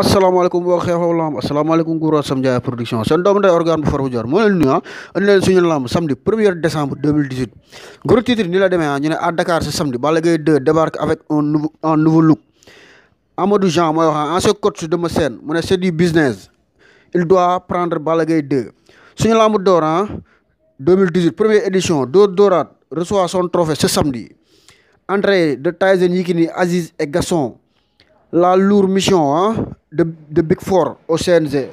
asalaamaaleykum boo xeexoo lamb asalaamaaleykum Gora Sam Ndiaye production seen doomu ndey organe bu faru jaar moo leen nuyu andi leen suñu lamb samedi 1er décembre 2018 gros titre ni la demee ah ñu ne à Dakar ce samedi Balla Gaye 2 avec un nouveau un Amadou Jean mooy wax ah, ancien de Massène mu ne c'est business il doit prendre bala Gaye 2 suñu lamb door ah 2018 première édition Dóor Dóoraat reçoit son trophée ce samedi entrée de Tyson Yékini Aziz et Gasson la lourde mission ah de de Big Four au CNG.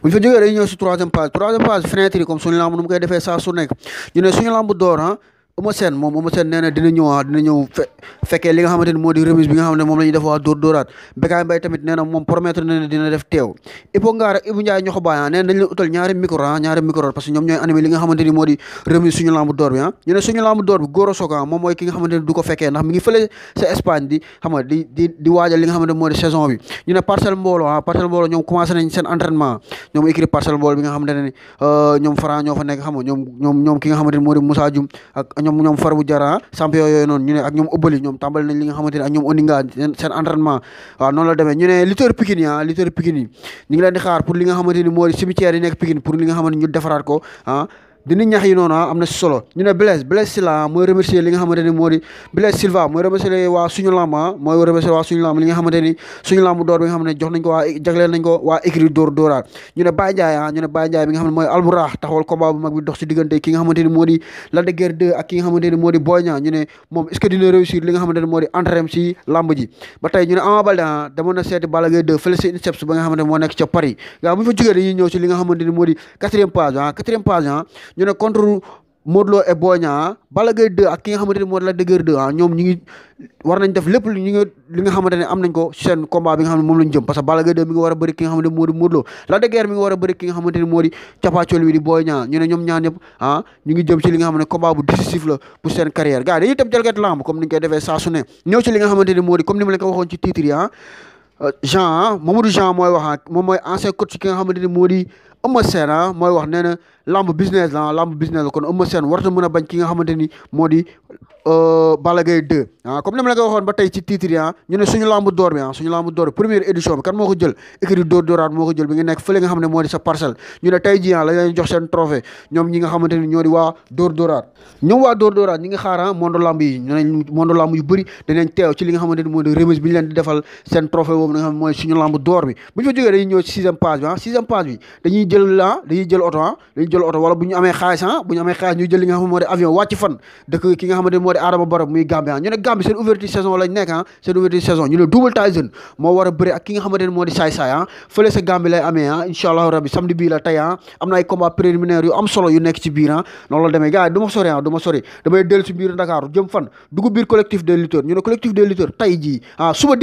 bu ñu fa jógee dañuy ñëw si troisième page troisième page fenêtre comme suñu lamb nu mu koy defee saa su nekk ñu ne suñu lamb door ah. Eumeu Sène moom Eumeu Sène nee dina ñëwaat ah, dina ñëw fe fekkee li nga xamante ni nga xam moom la def waa dóor dóoraat Bécaye Mbaye tamit nee moom promettre na dina def teew Ipo Ngaar ak Ibou Ndiaye ñoxo baaya ah, nee door ah, bi ah ñu moom mooy ki nga xamante ni ndax mi ngi fële sa Espagne di xam nga di di saison bi ñu ne parcelle mbooloo ñoom commencé nañ seen entraînement ñoom écrit parcelle mbooloo euh, ñoom Franc ñoo fa ñoom ñoom farbu jara champion yooyu ñoom ëbbali ñoom tàmbali nañ li nga ñoom oninga seen entraînement waaw la demee ñu ne lutteur pikine yi ah xaar pour li nga xamante ni moo cimetière pour li nga xamante ñu ah dina ñax yi noonu ah, am na si solo ñu ne Blaise Blaise Silla ah, mooy remercier li nga xamante moo di Blaise Silva mooy remercier waa suñu ah, mooy remercier waa suñu lamb li nga xamante ni suñu lamb door bi nga xam ne jox nañ ko waa jagleel nañ ko waa écrit dóor dóoraat ñu ne Baye Ndiaye ah ñu ne nga xam ne mooy alburax taxawal combat bu mag bi dox si diggante ki nga xamante ni moo di Lac de Guiers 2 ak ki ñu ne moom est que dina réussir li nga ñu ne contre Modou Lo et Boy Gaye 2 ak ki nga xamante ne moo Lac de ah, ñoom ñu ngi war nañ def lépp li ngi li am nañ ko seen combat bi nga xam ne moom lañ jëm ngi war a bëri a bëri ki nga xamante wi di Boy Niang ne ñoom ñaar ñëpp ah, ngi jëm ci li nga xam ne bu décisif la pour seen carrière gars dañuy tëb jalgat lamb comme ni ñu koy defee saa su ne ñëw ci li nga xamante ne moo ma leen ko waxoon ci ah, moom mooy ancien coach ki nga xamante moo di Eumeu Sène ah mooy wax nee na lamb business la ah, lamb business la kon Eumeu Sène warta mën a bañ ki nga xamante ni moo di Euh, Balla Gaye 2 ah comme ni ba tey ci titre ah, suñu lambu door bi ah, suñu lambu door bi ah, ñoom waa dóor dóoraat ñoom waa dóor dóoraat ñi nga xamante ni bi ñu leen di defal dañuy ñëw ci bi dañuy jël ah dañuy jël oto ah bu ñu amee xaalis ah bu ñu amee xaalis ñuy jël li nga xam ne avion wàcc fan dëkk ki nga xamante ni di Adama Barrow muy Gambie ñu ne Gambie seen ouverture saison lañ nekk ah seen ouverture saison ñu ne Double Tyson moo war a bëri ak ki moo di saay-saay ah, fële sa Gambie lay amee ah incha allahu rabi samedi bii la ah, am na ay combat préliminaire yu am solo yu nekk ci biir ah la demee gars yi du ma sori ah damay dellu ci biir Dakar jëm fan dugub biir collectif des lutteurs ñu ne collectif des lutteurs jii ah suba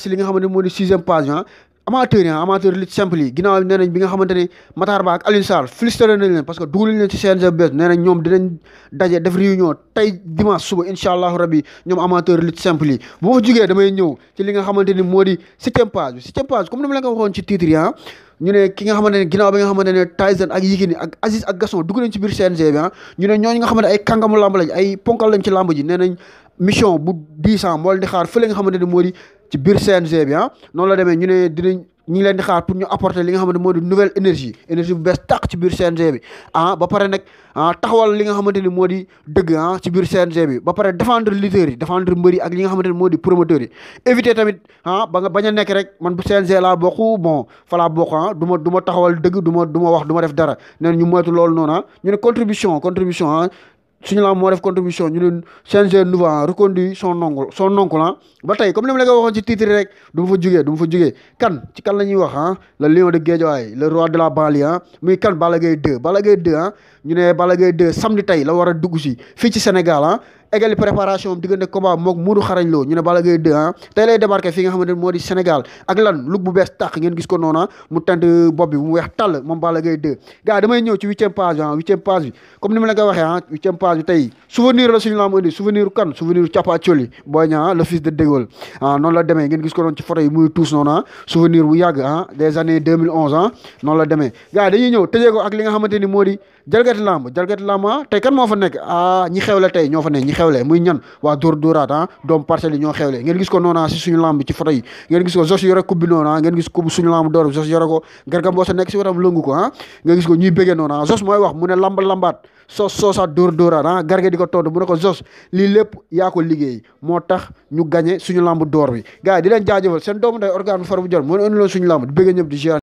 ah, moo di sixième page amateur lutte simple yi ginnaaw nee nañ bi nga xamante ne Matar Ba ak dinañ daje def réunion tey suba incha allahu rabi ñoom amateur lutte simple bu ma fa damay ñëw ci li nga xamante ni moo di septième page bi septième page comme ni ma leen ko waxoon ci titre yi ah ñu ne ak Yékini ak Aziz ak Gasson dugg nañ biir CNG bi ah ñu ñooñu nga ay kàngamu lamb ci biir CNG bi ah noonu la demee ñu ne dinañ ñu ngi leen di xaar pour ñu apporter li nga xamante moo di nouvelle énergie énergie bu bees tàq ci biir CNG bi ah ba pare nag ah taxawal li nga xamante ni moo di dëgg ah ci biir CNG bi ba pare défendre lutteurs yi défendre mbër yi ak li nga xamante ni moo di promoteurs yi éviter tamit ah, ba nga bañ nekk rek man bu CNG laa bokku bon fala laa bokk ah du ma taxawal dëgg duma du ma wax du ma def dara nee ñu moytu loolu noonu ah ñu ne contribution contribution ah, suñu la moo def contribution ñu leen CNG nouveau reconduit son oncle son oncle ah ba tey comme ni ma la ko waxoon ci titre rek du ma fa jugee du mu fa jugee kan ci kan la ñuy wax ah le lion de Guédiawaye le roi de la bali ah muy kan Balla Gaye 2 Balla Gaye 2 ah ñu ne bala Gaye 2 samedi tey la war a dugg si fii ci Sénégal ah égali préparation am diggante combat mook Modou xarañ Lo ñu ne Balla Gaye 2 ah tey lay débarqué fi nga xamante moo di Sénégal ak lan lug gis ko noona ah. mu tent bopp bi mu moom Balla Gaye 2 gars damay ñëw ci huitième page ah huitième page bi comme ni ma la ko waxee ah huitième page bi tey kan souvenir Capa Thioli ah, ah noonu la demee ngeen gis ko noonu ci photo yi muy tuus noonu ah souvenir bu yàgg ah des années 2011 ah noonu moo di jalgati lamb jalgati lamb ah tey kan moo fa nekk ah, ñi xew la tey ñoo fa nekk xewle muy ñan waa dóor dóoraat ah doom parcelles yi ñoo xewle ngeen gis ko noona ah, si suñu lamb ci photo yi ngeen gis ko ah, suñu lamb door jos yore ko garga nekk si watam lëngu ko ah ngeen gis ko ñuy bëggee noona ah, jos mooy wax mu ne lambaat sos soosaat dóor dóoraat ah garga di ko tontu ko jos lii lépp yaa liggéey moo tax ñu gagné suñu lamb door bi gars di leen jaajëfal seen doomu nday organe far bu jot mu ne indi suñu lamb